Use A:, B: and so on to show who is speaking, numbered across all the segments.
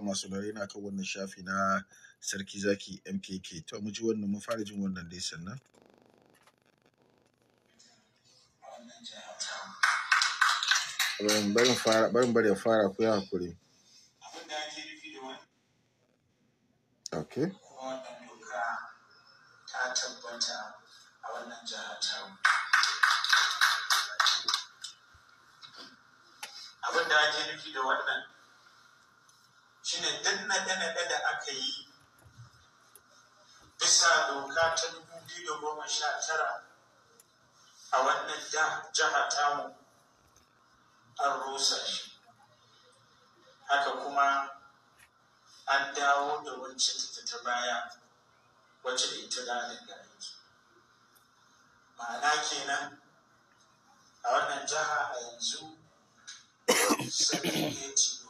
A: masu laurari na kan wannan shafi na sarki zaki mkk to mu ji wannan mu fara jin wannan dai sannan barin fara barin bari ya fara ku ya hakuri okay
B: wannan doka ta tabbata a wannan jihar abin da ake nufi da wannan shine dan naɗe-naɗe da aka yi bisa doka ta 2019 a wannan jiha tamu an rusa shi haka kuma an dawo da wancan ta baya wacce ita da daga aiki ma'ana kenan a wannan jiha a yanzu sai ne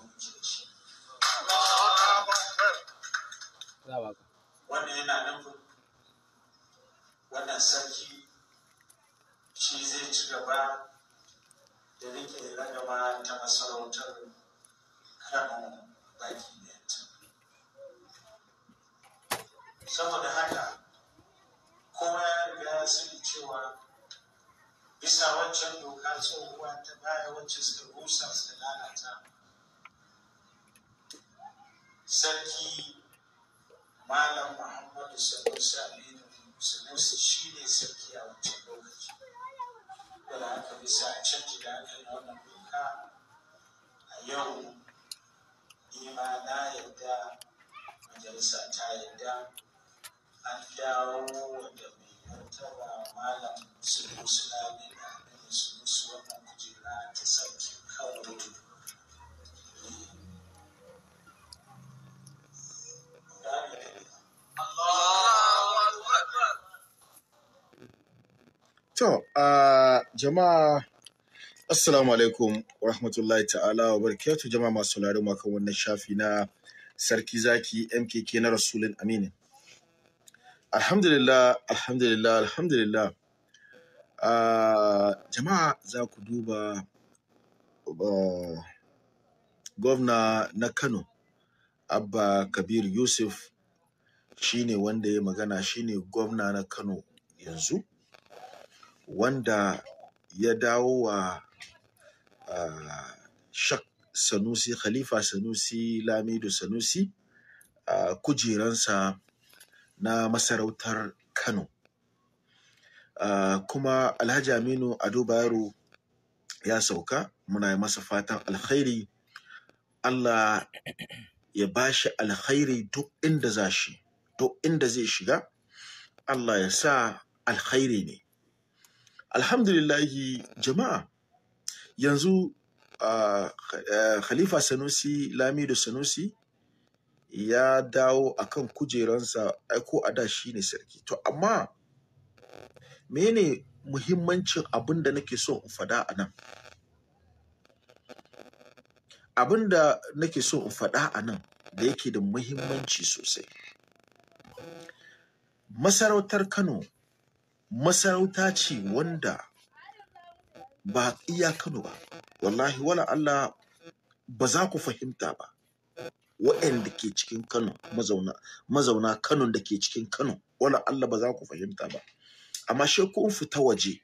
A: To, uh, jama'a Assalamu alaikum wa rahmatullahi ta'ala wa barakatuh jama'a masu lari makon wannan shafi na Sarki Zaki MKK na Rasulun Aminu. Alhamdulillah, alhamdulillah, alhamdulillah. Uh, jama'a za ku duba uh, gwamna na Kano, Abba Kabir Yusuf shine wanda ya magana shine gwamna na Kano yanzu. wanda ya dawo wa shak sanusi khalifa sanusi lamido sanusi kujeransa na masarautar kano kuma alhaji aminu ado bayero ya sauka muna masa fatan alkhairi allah ya ba shi alkhairi duk inda za shi duk inda zai shiga allah ya sa alkhairi ne alhamdulillahi jama'a yanzu uh, uh, khalifa sanusi lamido sanusi ya dawo akan kujeransa aiko a da shi ne sarki to amma mene muhimmancin abin da nake so in fada a nan abin da nake so in fada a nan da yake da muhimmanci sosai masarautar kano masarauta ce wanda ba iya Kano ba wallahi wala Allah ba za ku fahimta ba waɗanda ke cikin Kano mazauna Kano da ke cikin Kano wala Allah ba za ku fahimta ba amma shekun fita waje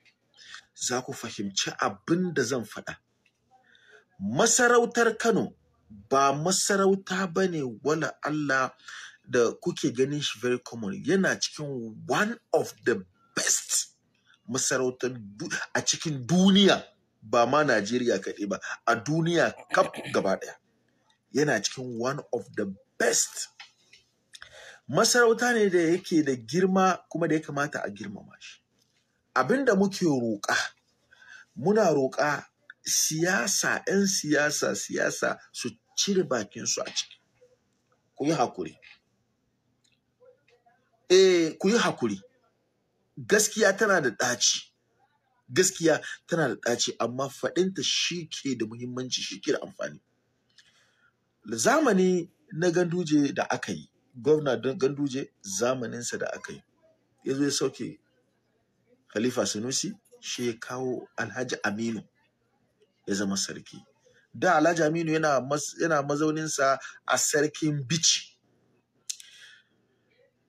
A: za ku fahimci abin da zan faɗa masarautar Kano ba masarauta ba ne wala Allah da kuke ganin shi very common yana cikin one of the best masarautar a cikin duniya ba ma Najeriya kaɗai ba a duniya kaf gaba ɗaya yana cikin one of the best masarauta ne da yake da girma kuma da ya kamata a girmama shi abinda muke roƙa muna roƙa siyasa 'yan siyasa siyasa su cire bakinsu a ciki ku yi hakuri eh ku yi hakuri gaskiya tana da ɗaci gaskiya tana da ɗaci amma faɗinta shi ke da muhimmanci shi ke da amfani zamani na ganduje da aka yi gwamna ganduje zamaninsa da aka yi ya zo ya sauke khalifa sanusi shi ya kawo alhaji aminu ya zama sarki da alhaji aminu yana mazauninsa a sarkin bici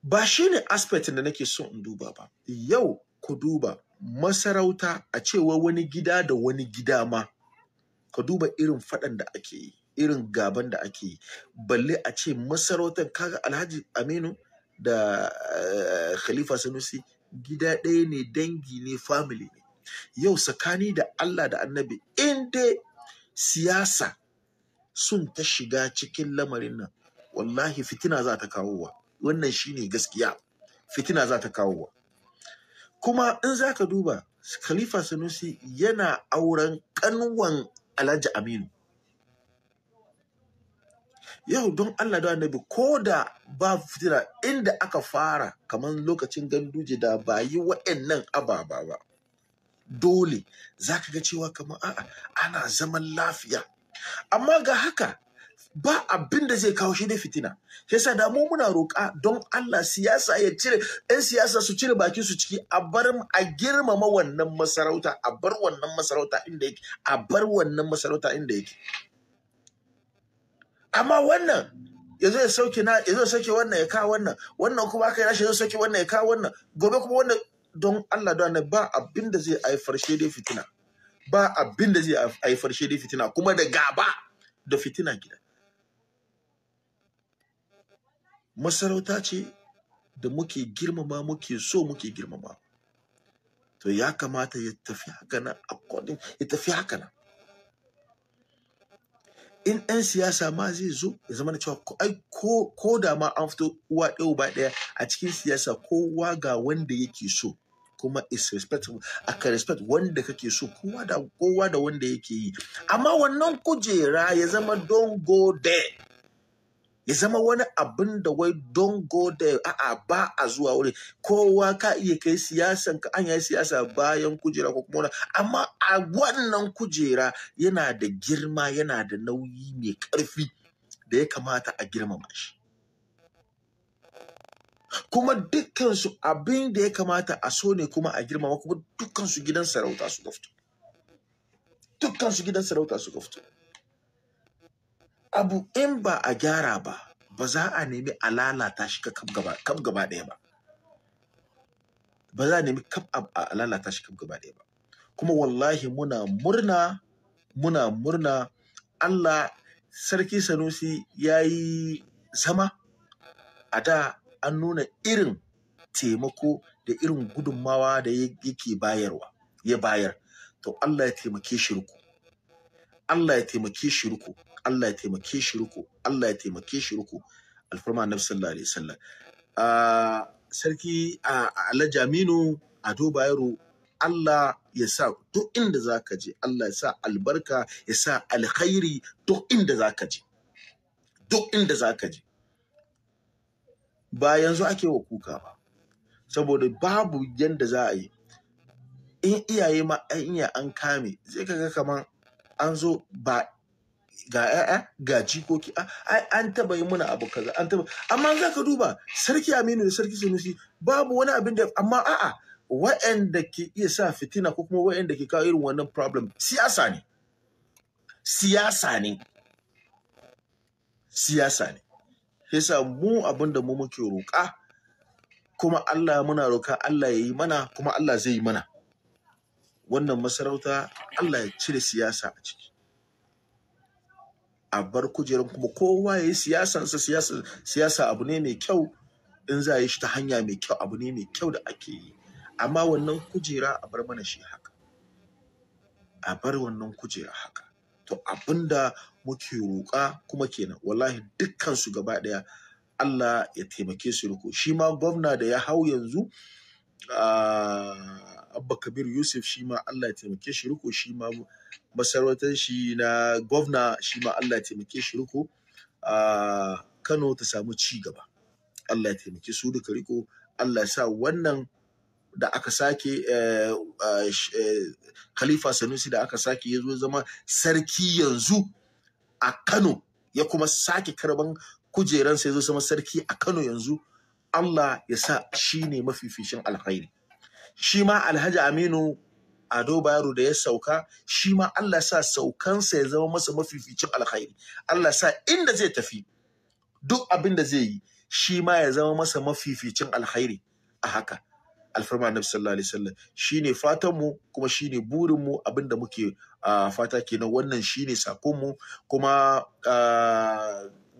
A: ba shi ne aspect da nake so in duba ba yau ku duba masarauta a cewa wani gida da wani gida ma ka duba irin faɗan da ake yi irin gaban da ake yi balle a ce masarautar kaga alhaji aminu da uh, khalifa sanusi gida ɗaya ne dangi ne family ne yau tsakani da allah da annabi in siyasa sun ta shiga cikin lamarin nan wallahi fitina za ta kawo wa wannan shine gaskiya fitina za ta kawo kuma in za ka duba khalifa sanusi yana auren kanwan alhaji aminu yau don allah da annabi ko da ba fitina inda aka fara kamar lokacin ganduje da ba yi wa'annan ababa ba dole za ka ga cewa kamar a'a ana zaman lafiya amma ga haka ba abin da zai kawo shi ne fitina shi yasa da mu muna roƙa don Allah siyasa ya cire ɗan siyasa su cire bakin su ciki a bar a girmama wannan masarauta a bar wannan masarauta inda yake a bar wannan masarauta inda yake amma wannan ya zo ya sauke na ya sauke wannan ya kawo wannan wannan kuma aka yi rashi ya sauke wannan ya kawo wannan gobe kuma wannan don Allah don ba abin da zai haifar shi dai fitina ba abin da zai haifar shi dai fitina kuma da gaba da fitina gida masarauta ce da muke girmama muke so muke girmama to ya kamata ya tafi haka nan according ya tafi haka nan in ɗan siyasa ma zai zo ya zama cewa ai ko ko da ma an fito uwa ɗaya uba ɗaya a cikin siyasa kowa ga wanda yake so kuma is respectable a ka respect wanda kake so kowa da kowa da wanda yake yi amma wannan kujera ya zama don go there ya zama wani abin da wai don go da a'a ba a zuwa wuri kowa ka iya kai siyasan ka an yi siyasa bayan kujera ko kuma amma a wannan kujera yana da girma yana da nauyi mai karfi da ya kamata a girmama shi kuma dukkansu abin da ya kamata a so ne kuma a girmama kuma su gidan sarauta suka dukkan dukkansu gidan sarauta su fito abu in ba a gyara ba ba za a nemi a lalata shi kaf gaba ɗaya ba ba za a nemi kaf a lalata shi kaf gaba ɗaya ba kuma wallahi muna murna muna murna Allah sarki Sanusi ya yi zama a da an nuna irin taimako da irin gudunmawa da yake bayarwa ya bayar to Allah ya taimake shi ruku Allah ya taimake shi ruku Allah ya taimake shi ruku Allah ya taimake shi ruku alfarma annabi sallallahu alaihi wasallam ah, sarki ah, Alhaji Aminu Ado Bayero Allah ya sa duk inda zaka je Allah ya sa albarka ya sa alkhairi duk inda zaka je duk inda zaka je ba yanzu ake wa kuka ba saboda babu yadda za a yi in iyaye ma an iya an kame zai kaga kaman an zo ba ga ƴaƴa ga jikoki an taba yi muna abu kaza an taba amma za ka duba sarki Aminu da sarki Sunusi babu wani abin da amma a'a wa'anda ke iya sa fitina ko kuma wa'anda ke kawo irin wannan problem siyasa ne siyasa ne siyasa ne yasa mu abinda mu muke roƙa kuma Allah muna roƙa Allah ya yi mana kuma Allah zai yi mana wannan masarauta Allah ya cire siyasa a ciki a bar kujerar kuma kowa ya yi siyasansa siyasa abu ne mai kyau in za a yi shi ta hanya mai kyau abu ne mai kyau da ake yi amma wannan kujera a bar mana shi haka a bar wannan kujera haka to abinda muke roƙa kuma kenan wallahi dukkan su gaba ɗaya Allah ya taimake su riko shi ma gwamna da ya hau yanzu ah, abba kabir yusuf shi ma Allah ya taimake shi riko shi ma masarautar shi na gwamna shi ma Allah ya taimake shi riko a Kano ta samu ci gaba Allah ya taimake su duka riko Allah ya sa wannan da aka sake eh, eh, Khalifa Sanusi da aka sake ya zo zama sarki yanzu a Kano ya kuma sake karban kujeransa ya zo zama sarki a Kano yanzu Allah ya sa shi ne mafificin alkhairi shi ma Alhaji Aminu ado bayaro da ya sauka shi ma Allah sa saukansa ya zama masa mafificin alkhairi Allah sa inda zai tafi duk abin da zai yi shi ma ya zama masa mafificin alkhairi a haka alfarma annabi sallallahu alaihi wasallam shine fatan mu kuma shine burin mu abinda muke fata kenan wannan shine sakon mu kuma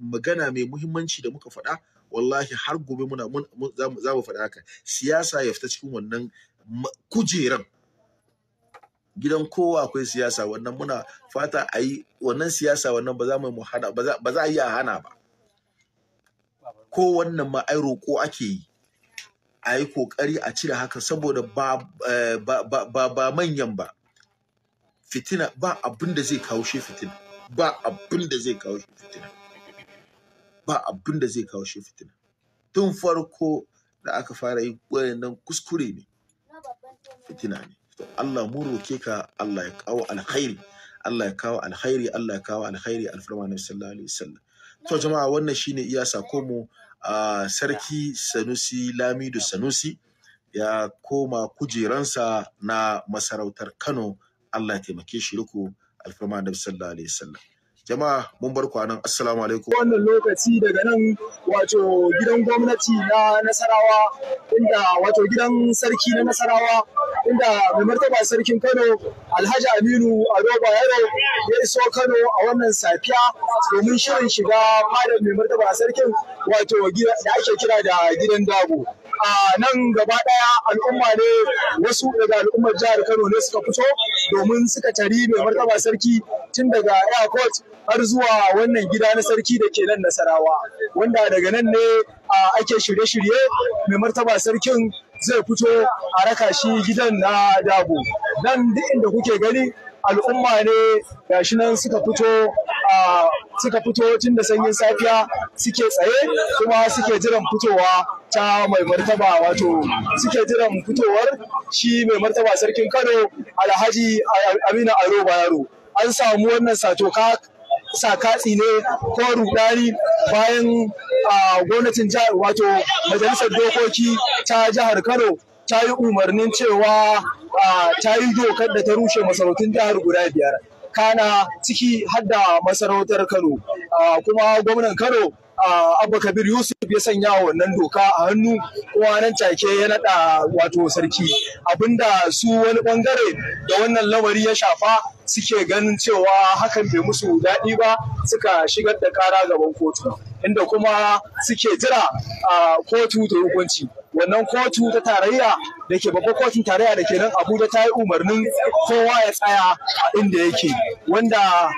A: magana mai muhimmanci da muka faɗa wallahi har gobe muna za mu faɗa haka siyasa ya fita cikin wannan kujeran gidan kowa akwai siyasa wannan muna fata a yi wannan siyasa wannan ba za mu hana ba za a yi a hana ba ko wannan ma ai roƙo ake yi a yi ƙoƙari a cire haka saboda eh, ba manyan ba fitina ba abin da zai kawo shi fitina ba abin da zai kawo shi fitina ba abin da zai kawo shi fitina tun farko da aka fara yi wayannan kuskure ne fitina ne Allah mu roke ka Allah ya kawo alkhairi Allah ya kawo alkhairi Allah ya kawo alkhairi alfarma na sallallahu alaihi wasallam to jama'a wannan shine iya sako mu a sarki Sanusi Lamidu Sanusi ya koma kujeransa na masarautar Kano Allah ya taimake shi riko alfarma na sallallahu alaihi wasallam jama'a mun bar kwanan assalamu alaikum wannan lokaci daga nan wato gidan gwamnati na nasarawa inda wato gidan
C: sarki na nasarawa inda mai martaba sarkin kano alhaji aminu ado bayero ya iso kano a wannan safiya domin shirin shiga fadar mai martaba sarkin wato da ake kira da gidan dago a nan gaba daya al'umma ne wasu daga al'ummar jihar kano ne suka fito domin suka tari mai martaba sarki tun daga airport har zuwa wannan gida na sarki da ke nan Nasarawa wanda daga nan ne ake shirye-shirye mai martaba sarkin zai fito a raka shi gidan na dabo nan duk inda kuke gani al'umma ne gashi nan suka fito a suka fito tun da sanyin safiya suke tsaye kuma suke jiran fitowa ta mai martaba wato suke jiran fitowar shi mai martaba sarkin kano alhaji amina aro bayaro an samu wannan sato sakatsi ne ko rudani bayan gwamnatin jihar wato majalisar dokoki ta jihar kano ta yi umarnin cewa ta yi dokar da ta rushe masarautun jihar guda biyar kana ciki hadda masarautar kano kuma gwamnan kano Abba Kabir Yusuf ya sanya wa wannan doka a hannu kuma nan take ya nada wato sarki abinda su wani bangare da wannan lamari ya shafa suke ganin cewa hakan bai musu daɗi ba suka shigar da kara gaban kotu inda kuma suke jira a kotu da hukunci wannan kotu ta tarayya da ke babban kotun tarayya da ke nan abuja ta yi umarnin kowa ya tsaya a inda yake wanda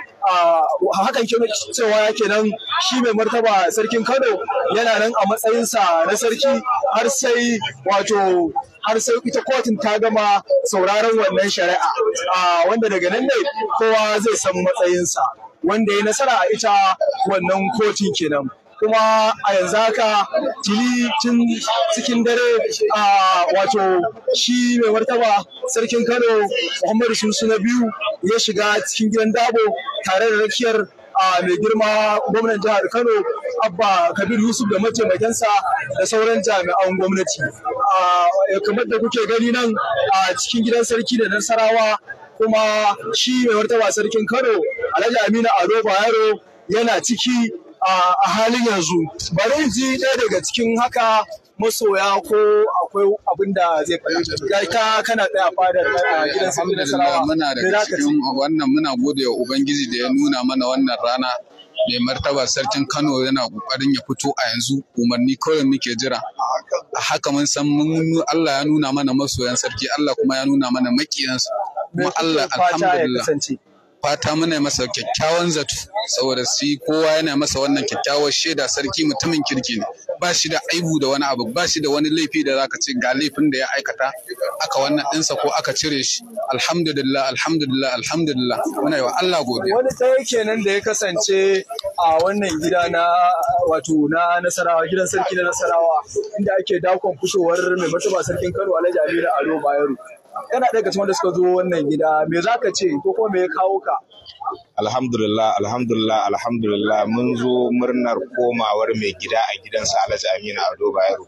C: haka yake cewa kenan shi mai martaba sarkin Kano yana nan a matsayinsa na sarki har sai wato har sai ita kotun ta gama sauraron wannan shari'a wanda daga nan ne kowa zai san matsayinsa wanda ya nasara a ita wannan kotun kenan kuma a yanzu haka tuni cikin dare a wato shi mai martaba sarkin kano muhammadu sunsu na biyu ya shiga cikin gidan dabo tare da rakiyar a mai girma gwamnan jihar kano abba kabir yusuf da mataimakinsa da sauran jami'an gwamnati kamar da kuke gani nan a cikin gidan sarki da nasarawa kuma shi mai martaba sarkin kano alhaji aminu ado bayero yana ciki a halin yanzu bari ji ɗaya daga cikin haka masoya ko akwai abin da zai faru ga ta kana tsaya fadar eh, gidan sabbi da salawa muna da cikin
D: wannan muna gode wa ubangiji da ya nuna mana wannan rana mai martaba sarkin Kano yana kokarin ya fito a yanzu umarni kawai muke jira A haka mun san mun Allah ya nuna mana masoyan sarki Allah kuma ya nuna mana makiyansu kuma Allah alhamdulillah fata muna masa kyakkyawan zato saboda su kowa yana masa wannan kyakkyawar shaida sarki mutumin kirki ne ba shi da aibu da wani abu ba shi da wani laifi da zaka ce ga laifin da ya aikata aka wannan ɗinsa ko aka cire shi alhamdulillah alhamdulillah alhamdulillah muna yi wa Allah godiya wani tsaye kenan da ya kasance a wannan gida na wato
C: na nasarawa gidan sarki na nasarawa inda ake dakon kushewar mai martaba sarkin Kano Alhaji Aminu Ado Bayero yana daga cikin wanda suka zo wannan gida me za ka ce ko kuma me ya kawo ka
E: alhamdulillah alhamdulillah alhamdulillah mun zo murnar komawar mai gida a gidansa alhaji Aminu ado bayero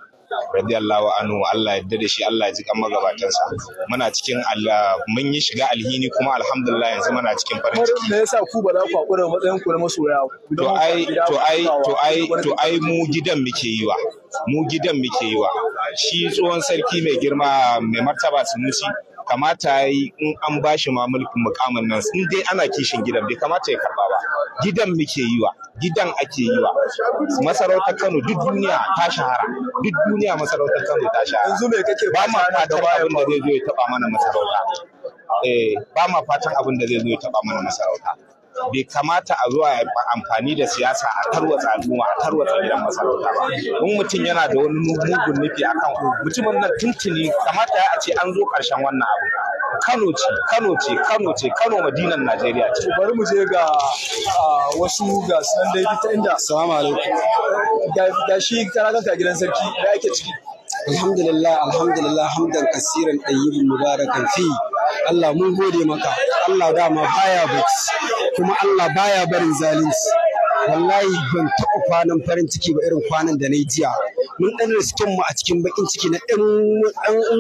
E: radiyallahu anhu Allah ya da shi Allah ya ji kan sa muna cikin Allah mun yi shiga alhini kuma alhamdulillah yanzu muna cikin farin
C: ciki me yasa ku ba za ku hakura matsayin ku na masoya to ai to ai to ai to ai
E: mu gidan muke yi wa mu gidan muke yi wa shi tsohon sarki mai girma mai martaba sunusi kamata ya yi in an ba shi ma mulkin mukamin nan in dai ana kishin gidan bai kamata ya karba ba gidan muke yi wa gidan ake yi wa masarautar kano duk duniya ta shahara duk duniya masarautar kano ta shahara yanzu me kake ba ma fatan abin da zai zo ya taba mana masarauta eh ba ma fatan abin da zai zo ya taba mana masarauta bai kamata a zo a amfani da siyasa a tarwatsa al'umma a tarwatsa gidan masarauta ba in mutum yana da wani mugun nufi akan mutumin nan tuntuni kamata ya ce an zo karshen wannan abu Kano ce, Kano ce, Kano ce, Kano madinan Najeriya ce. Bari mu je ga wasu ga sunan da ita inda. Assalamu
C: alaikum. Ga shi karatunta gidan sarki da ake ciki. Alhamdulillah, alhamdulillah, hamdan kasiran ɗayyibin mubarakan fi. Allah mun gode maka, Allah dama baya baki.
F: kuma Allah baya barin zalunci wallahi ban taɓa kwanan farin ciki ba irin kwanan da na yi jiya mun ɗan riskin mu a cikin bakin ciki na ɗan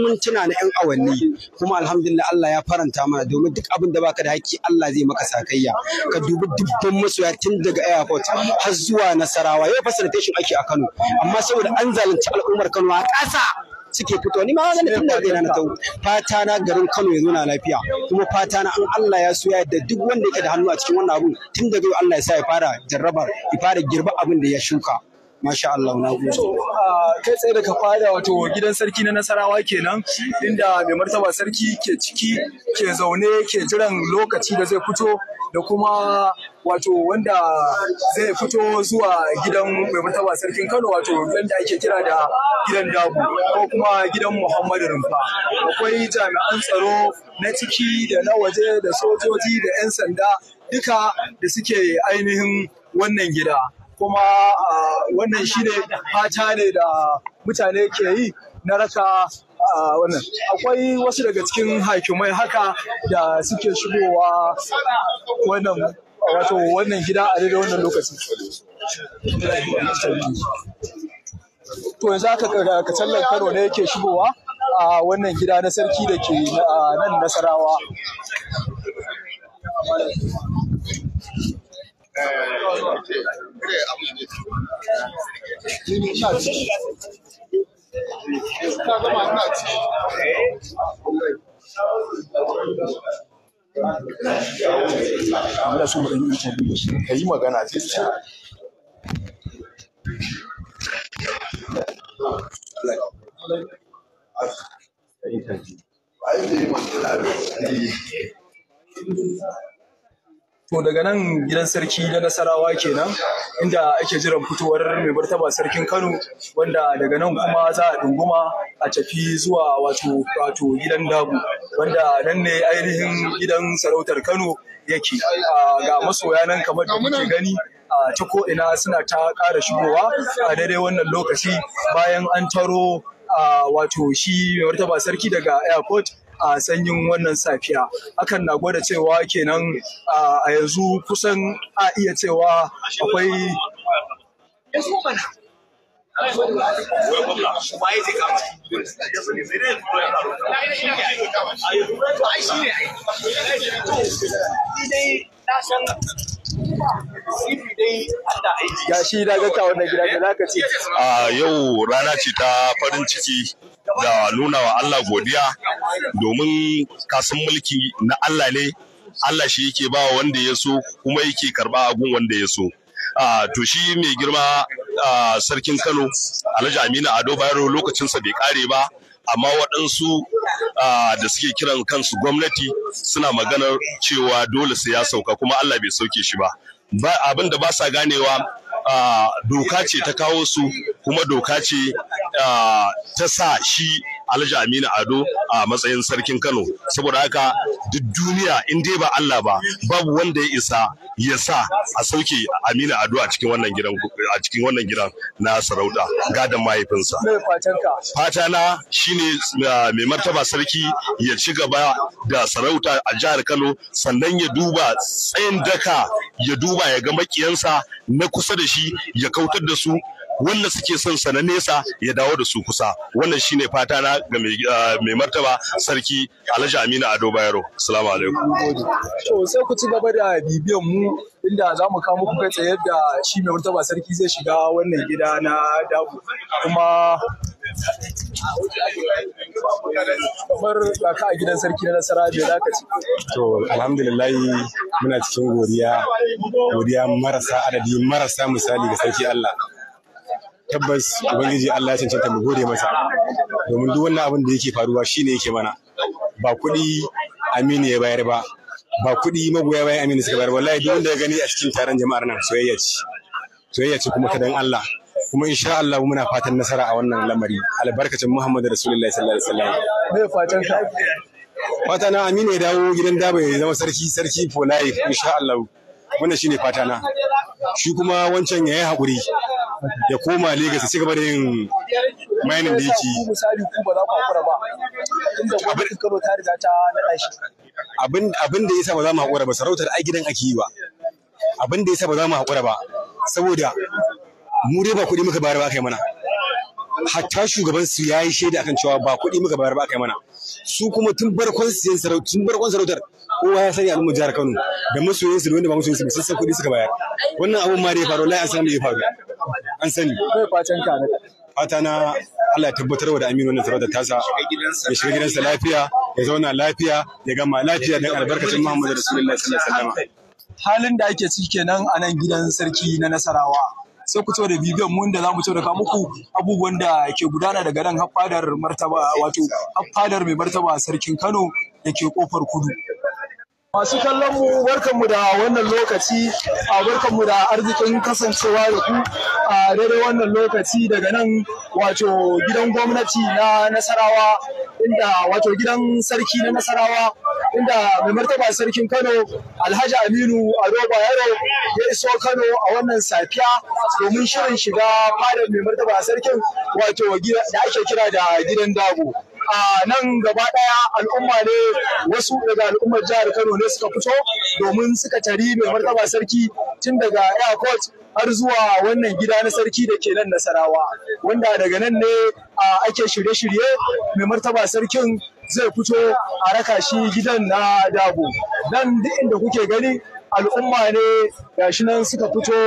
F: mintuna na ɗan awanni kuma alhamdulillah Allah ya faranta mana domin duk abin da baka da haƙƙi Allah zai maka sakayya ka dubi dubban masoya tun daga airport har zuwa Nasarawa yau facilitation ake a Kano amma saboda an zalunci al'ummar Kano a ƙasa suke fito ni ma tun da na tau fata na garin Kano ya na lafiya kuma fata na an Allah ya so ya yadda duk wanda yake da hannu a cikin wannan abun tun da zai Allah ya sa ya fara jarrabar ya fara girba abin da ya shuka masha Allah na gode.
C: kai tsaye daga fada wato gidan sarki na Nasarawa kenan inda mai martaba sarki ke ciki ke zaune ke jiran lokaci da zai fito da kuma wato wanda zai fito zuwa gidan mai martaba sarkin Kano wato yadda ake kira da gidan Dabu ko kuma gidan Muhammadu Rumfa. Akwai jami'an tsaro na ciki da na waje da sojoji da 'yan sanda duka da suke ainihin wannan gida. Kuma wannan shi ne fata ne da mutane ke yi na raka wannan akwai wasu daga cikin hakimai haka da suke shigowa wannan wato wannan gida a daidai wannan lokacin. to yanzu aka katsallar kano ne yake shigowa a wannan gida na sarki da ke nan nasarawa
G: Thank you.
C: Ana so mu ɗan yi interview ka yi magana a cikin Interview. to daga nan gidan sarki na nasarawa kenan inda ake jiran fitowar mai martaba sarkin kano wanda daga nan kuma za a ɗunguma a tafi zuwa wato wato gidan dabu wanda nan ne ainihin gidan sarautar kano yake ga masoya nan kamar da muke gani a ta ko'ina suna ta ƙara shigowa a daidai wannan lokaci bayan an taro wato shi mai martaba sarki daga airport a sanyin wannan safiya hakan na gwada cewa kenan a yanzu kusan a iya cewa akwai
H: Yashi na da kawo na gida da za ce. A yau rana ce ta farin ciki da nuna wa Allah godiya domin kasan mulki na Allah ne Allah shi yake ba wanda ya so kuma yake karba agun wanda ya so to shi mai girma a sarkin Kano Alhaji Aminu Ado Bayero lokacinsa bai kare ba amma waɗansu da suke kiran kansu gwamnati suna maganar cewa dole sai ya sauka kuma Allah bai sauke shi ba abin da ba sa ganewa doka ce ta kawo su kuma doka ce ta sa shi Alhaji Aminu Ado a matsayin sarkin Kano saboda haka duk duniya in dai ba Allah ba babu wanda ya isa ya sa a sauke Aminu Ado a cikin wannan gidan a cikin wannan gidan na sarauta ga gadan mahaifinsa fata na shine ah, mai martaba sarki ya ci gaba da sarauta a jihar Kano sannan ya duba tsayin daka ya duba ya ga makiyansa na kusa da shi ya kautar da su wanda suke son sa na nesa ya dawo da su kusa wannan shine fata na ga ah, mai martaba sarki Alhaji Aminu Ado Bayero assalamu alaikum
C: to sai ku ci gaba da bibiyan mu inda za mu kawo muku kai tsaye yadda shi mai martaba sarki zai shiga wannan gida na dabu kuma kamar ka a gidan sarki na nasara bai za ka ci. To muna cikin godiya godiya
I: marasa adadi marasa misali ga sarki Allah. tabbas ubangiji Allah ya cancanta mu gode masa domin duk wannan abin da yake faruwa shine yake mana ba kuɗi Aminu ya bayar ba ba kuɗi magoya bayan Aminu suka bayar wallahi duk wanda ya gani a cikin taron jama'ar nan soyayya ce soyayya ce kuma kadan Allah kuma insha Allah muna fatan nasara a wannan lamari albarkacin Muhammadu Rasulullahi sallallahu alaihi wasallam me fatan ka fata na Aminu ya dawo gidan daba ya zama sarki sarki for life insha Allah wannan shine fata na
G: shi kuma wancan yayi hakuri ya koma Legas ya ci gaba da yin mining da yake yi. ba.
I: Abin da yasa ba za mu haƙura ba sarautar ai gidan ake yi ba. Abin da sa ba za mu haƙura ba saboda mu dai ba kuɗi muka bayar ba kai mana. Hatta shugaban su yi shaida akan cewa ba kuɗi muka bayar ba kai mana. Su kuma tun barkon sarautar tun barkon sarautar kowa ya sani al'ummar jihar Kano da masoyinsu da wanda ba masoyansu ba sun san kuɗi suka bayar. Wannan abun ma da ya faru lai an san da ya faru. an sani fata na Allah ya tabbatar wa da Aminu wannan sarauta tasa ya shiga gidansa lafiya ya zauna lafiya ya gama lafiya da albarkacin Muhammadu Rasulullahi sallallahu alaihi
C: wasallam halin da ake ciki kenan a nan gidan sarki na Nasarawa sai ku da bibiyan mun da za mu muku abubuwan da ke gudana daga nan haffadar martaba wato haffadar mai
I: martaba sarkin Kano da ke kofar kudu
C: Masu kallon mu barkanmu da wannan lokaci a barkanmu da arzikin kasancewa da ku a daidai wannan lokaci daga nan wato gidan gwamnati na Nasarawa inda wato gidan sarki na Nasarawa inda mai martaba sarkin Kano Alhaji Aminu Ado Bayero ya iso Kano a wannan safiya domin shirin shiga fadar mai martaba sarkin wato da ake kira da gidan dago. A nan gaba daya al'umma ne wasu daga al'ummar jihar Kano ne suka fito domin suka tari mai martaba sarki tun daga airport har zuwa wannan gida na sarki da ke nan Nasarawa wanda daga nan ne ake shirye-shirye mai martaba sarkin zai fito a raka shi gidan na dabo nan duk inda kuke gani al'umma ne gashi nan suka fito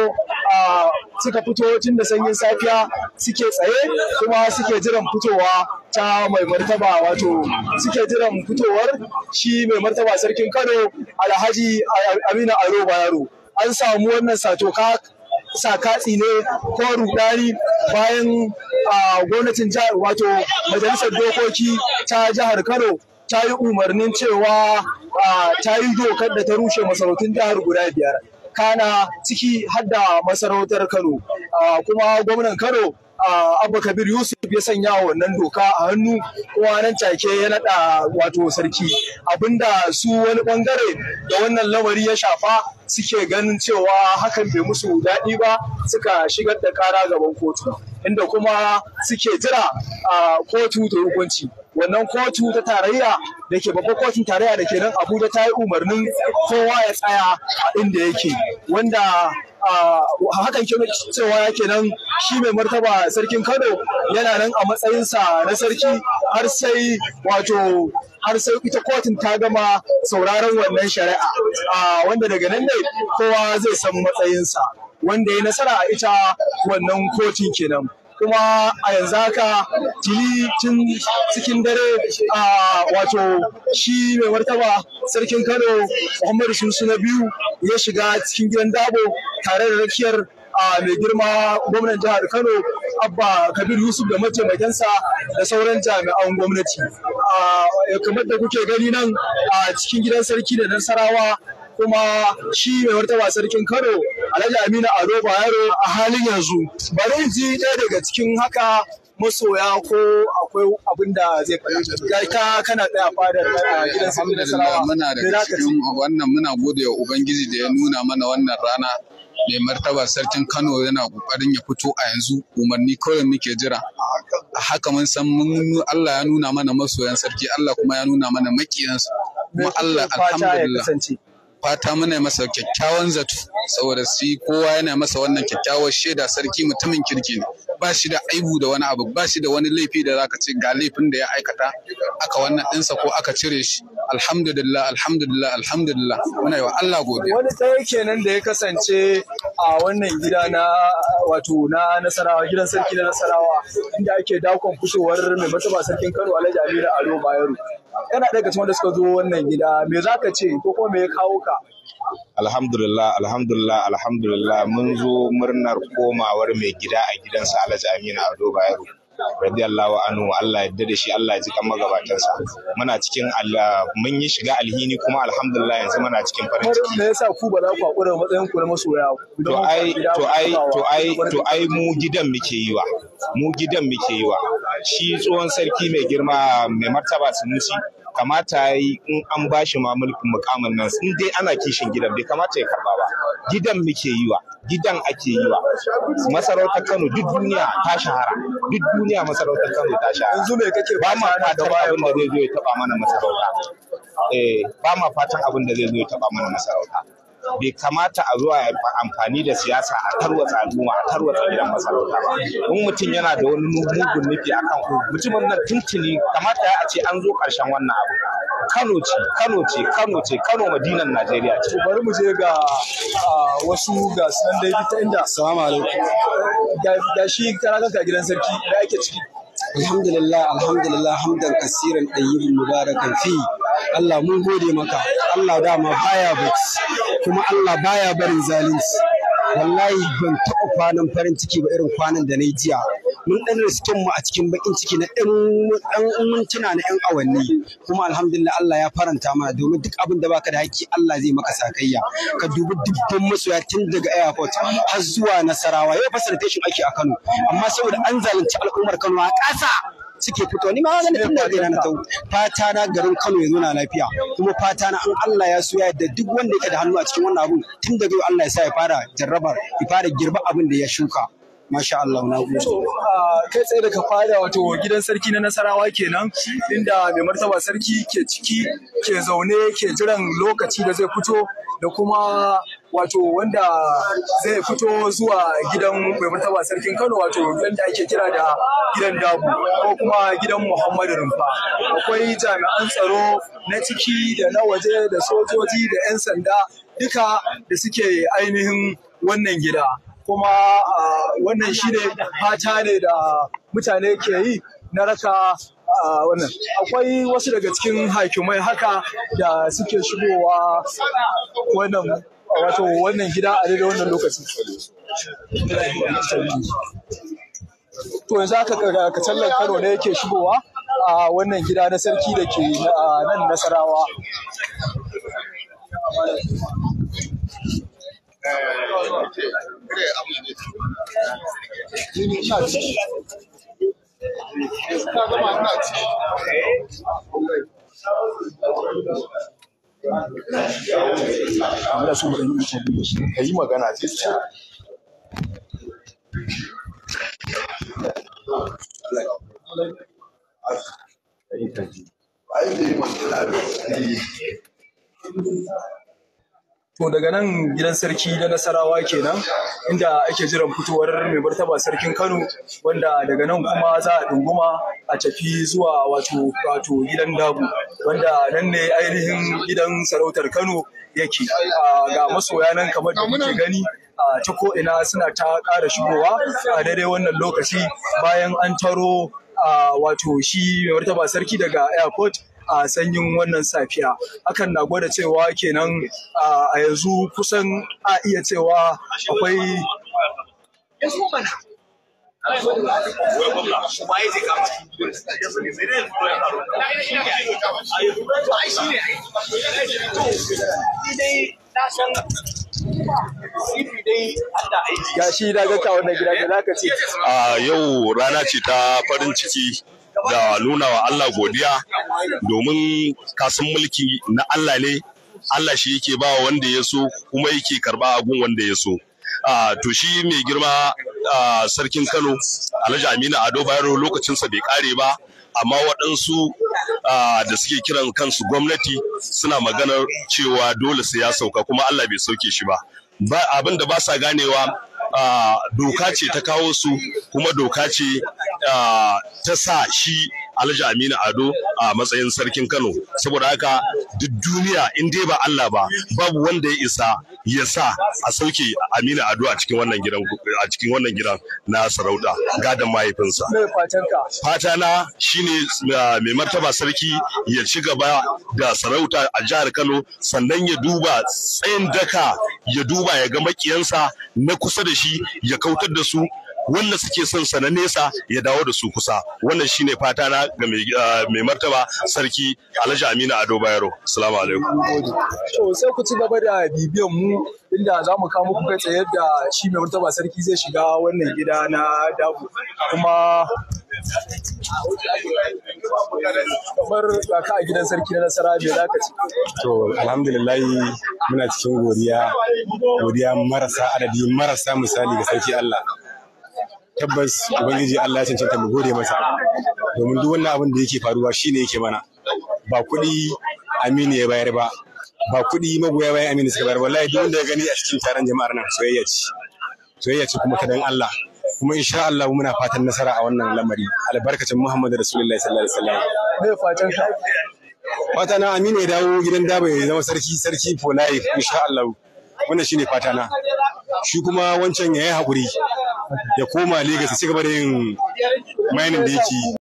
C: suka fito tun da sanyin safiya suke tsaye kuma suke jiran fitowa ta mai martaba wato suke jiran fitowar shi mai martaba sarkin Kano Alhaji Aminu Aro bayaro an samu wannan sato sakatsi ne ko rudani bayan gwamnatin wato majalisar dokoki ta jihar Kano ta yi umarnin cewa ta yi dokar da ta rushe masarautun jihar guda biyar kana ciki hadda masarautar Kano kuma gwamnan Kano Abba Kabir Yusuf ya sanya wa wannan doka a hannu kuma nan take ya naɗa wato sarki abinda su wani bangare da wannan lamari ya shafa suke ganin cewa hakan bai musu daɗi ba suka shigar da kara gaban kotu inda kuma suke jira a kotu da hukunci. wannan kotu ta tarayya da ke babban kotun tarayya da ke nan abuja ta yi umarnin kowa ya tsaya a inda yake wanda hakan ke cewa kenan shi mai martaba sarkin kano yana nan a matsayinsa na sarki har sai wato har sai ita kotun ta gama sauraron wannan shari'a wanda daga nan ne kowa zai san matsayinsa wanda ya nasara a ita wannan kotun kenan kuma a yanzu haka tuni tun cikin dare a wato shi mai martaba sarkin kano muhammadu sunsu na biyu ya shiga cikin gidan dabo tare da rakiyar a mai girma gwamnan jihar kano abba kabir yusuf da mataimakinsa da sauran jami'an gwamnati kamar da kuke gani nan a cikin gidan sarki da nasarawa kuma shi mai martaba sarkin Kano Alhaji Aminu Ado Bayero a halin yanzu bari in ji ɗaya daga cikin haka masoya ko akwai abin da zai faɗa ka kana tsaya fadar gidan sarki da salawa muna da cikin
D: wannan muna gode wa ubangiji da ya nuna mana wannan rana mai martaba sarkin Kano yana kokarin ya fito a yanzu umarni kawai muke jira a haka mun san mun Allah ya nuna mana masoyan sarki Allah kuma ya nuna mana makiyansu kuma Allah alhamdulillah fata muna masa kyakkyawan zato saboda shi kowa yana masa wannan kyakkyawar shaida sarki mutumin kirki ne ba shi da aibu da wani abu ba shi da wani laifi da zaka ce ga laifin da ya aikata aka wannan ɗinsa ko aka cire shi alhamdulillah alhamdulillah alhamdulillah muna yi Allah godiya
C: wani tsaye kenan da ya kasance a wannan gida na wato na nasarawa gidan sarki na nasarawa inda ake dakon kushewar mai mataba sarkin Kano Alhaji Aminu Ado Bayero kana daga cikin wanda suka zo wannan gida me za ka ce ko me ya kawo ka
E: alhamdulillah alhamdulillah alhamdulillah mun zo murnar komawar mai gida a gidansa alhaji Aminu ado bayero radiyallahu anhu Allah ya da shi Allah ya ji kan magabatansa muna cikin Allah, mun yi shiga alhini kuma alhamdulillah yanzu muna cikin farin ciki me yasa ku ba za ku hakura matsayin ku na masoya to ai to ai to ai to ai mu gidan muke yi wa mu gidan muke yi wa shi tsohon sarki mai girma mai martaba sunusi kamata ya yi in an ba shi ma mulkin mukamin nan in dai ana kishin gidan bai kamata ya karba ba gidan muke yi wa gidan ake yi wa masarautar Kano duk duniya ta shahara duk duniya masarautar Kano ta shahara yanzu me kake ba ma fatan abin da zai zo ya taba mana masarauta eh ba ma fatan abin da zai zo ya taba mana masarauta bai kamata a zuwa amfani da siyasa a tarwatsa al'umma a tarwatsa gidan masarauta ba in mutum yana da wani mugun nufi kan kan mutumin nan tuntuni kamata ya ce an zo karshen wannan abu Kano ce, Kano ce, Kano ce, Kano madinan Najeriya ce. Bari mu je ga
C: wasu ga sunan ya fita inda. Salamu alaikum. Ga shi karakanka gidan sarki da ake ciki. alhamdulillah alhamdulillah hamdan kasiran ɗayyibin mubarakan fi Allah mun gode maka Allah dama baya bacci kuma Allah
F: baya barin zalunci wallahi ban taɓa kwanan farin ciki ba irin kwanan da na yi jiya mun ɗan risken mu a cikin bakin ciki na ɗan mintuna na ɗan awanni kuma alhamdulillah Allah ya faranta mana domin duk abin da baka da haƙƙi Allah zai maka sakayya ka dubi dubban masoya tun daga airport har zuwa Nasarawa yau facilitation ake a Kano amma saboda an zalunci al'ummar Kano a ƙasa suke fito ni ma wannan tun da gaina na tau fata na garin Kano ya na lafiya kuma fata na an Allah ya soya da duk wanda yake da hannu a cikin wannan abun tun da yau Allah ya sa ya fara jarrabar ya fara girba abin da ya shuka masha Allah na gode
C: kai tsaye daga fada wato gidan sarki na Nasarawa kenan inda mai martaba sarki ke ciki ke zaune ke jiran lokaci da zai fito da kuma wato wanda zai fito zuwa gidan mai martaba sarkin Kano wato wanda ake kira da gidan Dabu ko kuma gidan Muhammadu Rumfa akwai jami'an tsaro na ciki da na waje da sojoji da 'yan sanda duka da suke ainihin wannan gida kuma ah, wannan shi ne fata ne da mutane ke yi na raka ah, wannan akwai wasu daga cikin hakimai haka da suke shigowa wannan wato wannan gida a daidai wannan lokacin to yanzu ka tallan kano ne yake shigowa a wannan gida na sarki da ke ah, nan nasarawa Muna so mu magana gaskiya. Ai, da To daga nan gidan sarki da Nasarawa kenan inda ake jiran fitowar mai martaba sarkin Kano wanda daga nan kuma za a dunguma a tafi zuwa wato wato gidan Dabu wanda nan ne ainihin gidan sarautar Kano yake ga masoya nan kamar da muke gani a ta ko ina suna ta ƙara shigowa a daidai wannan lokaci bayan an taro wato shi mai martaba sarki daga airport a sanyin wannan safiya hakan na gwada cewa kenan a yanzu kusan a iya cewa akwai
H: Gashi da daga kawo na gida da za ka ce. A yau rana ce ta farin ciki da nuna wa Allah godiya domin kasan mulki na Allah ne Allah shi yake ba wanda ya so kuma yake karba agun wanda ya so to shi mai girma sarkin Kano Alhaji Aminu Ado Bayero lokacinsa bai kare ba amma waɗansu da suke kiran kansu gwamnati suna maganar cewa dole sai ya sauka kuma Allah bai sauke shi ba abin da ba sa ganewa doka ce ta kawo su kuma doka ce ta sa shi Alhaji Aminu Ado a matsayin sarkin Kano saboda haka duk duniya in dai ba Allah ba babu wanda ya isa ya sa a sauke Aminu Ado a cikin wannan gidan a cikin wannan gidan na sarauta gadan mahaifinsa fata na shine ah, mai martaba sarki ya ci gaba da sarauta a jihar Kano sannan ya duba tsayin daka ya duba ya ga makiyansa na kusa da shi ya kautar da su wanda suke son sa na nesa ya dawo da su kusa wannan shine fata na ga mai ah, martaba sarki Alhaji Aminu Ado Bayero assalamu alaikum
C: sai ku ci gaba da bibiyan mu inda za mu kawo muku kai tsaye da shi mai martaba sarki zai shiga wannan gida na dabu kuma
G: kamar ka a
I: gidan sarki na nasara me za ka
G: ci to alhamdulillah muna
I: cikin godiya godiya marasa adadi marasa misali ga sarki Allah tabbas ubangiji Allah ya cancanta mu gode masa domin duk wannan abin da yake faruwa shine yake mana ba kuɗi Aminu ya bayar ba ba kuɗi magoya bayan Aminu suka bayar wallahi duk wanda ya gani a cikin taron jama'ar nan soyayya ce soyayya ce kuma kadan Allah kuma insha Allah muna fatan nasara a wannan lamari albarkacin Muhammadu Rasulullahi sallallahu alaihi wasallam me fatan ka fata na Aminu ya dawo gidan daba ya zama sarki sarki for life insha Allah wannan shine fata na shi kuma wancan yayi hakuri ya koma Legas ya ci gaba da
G: yin mining da yake yi.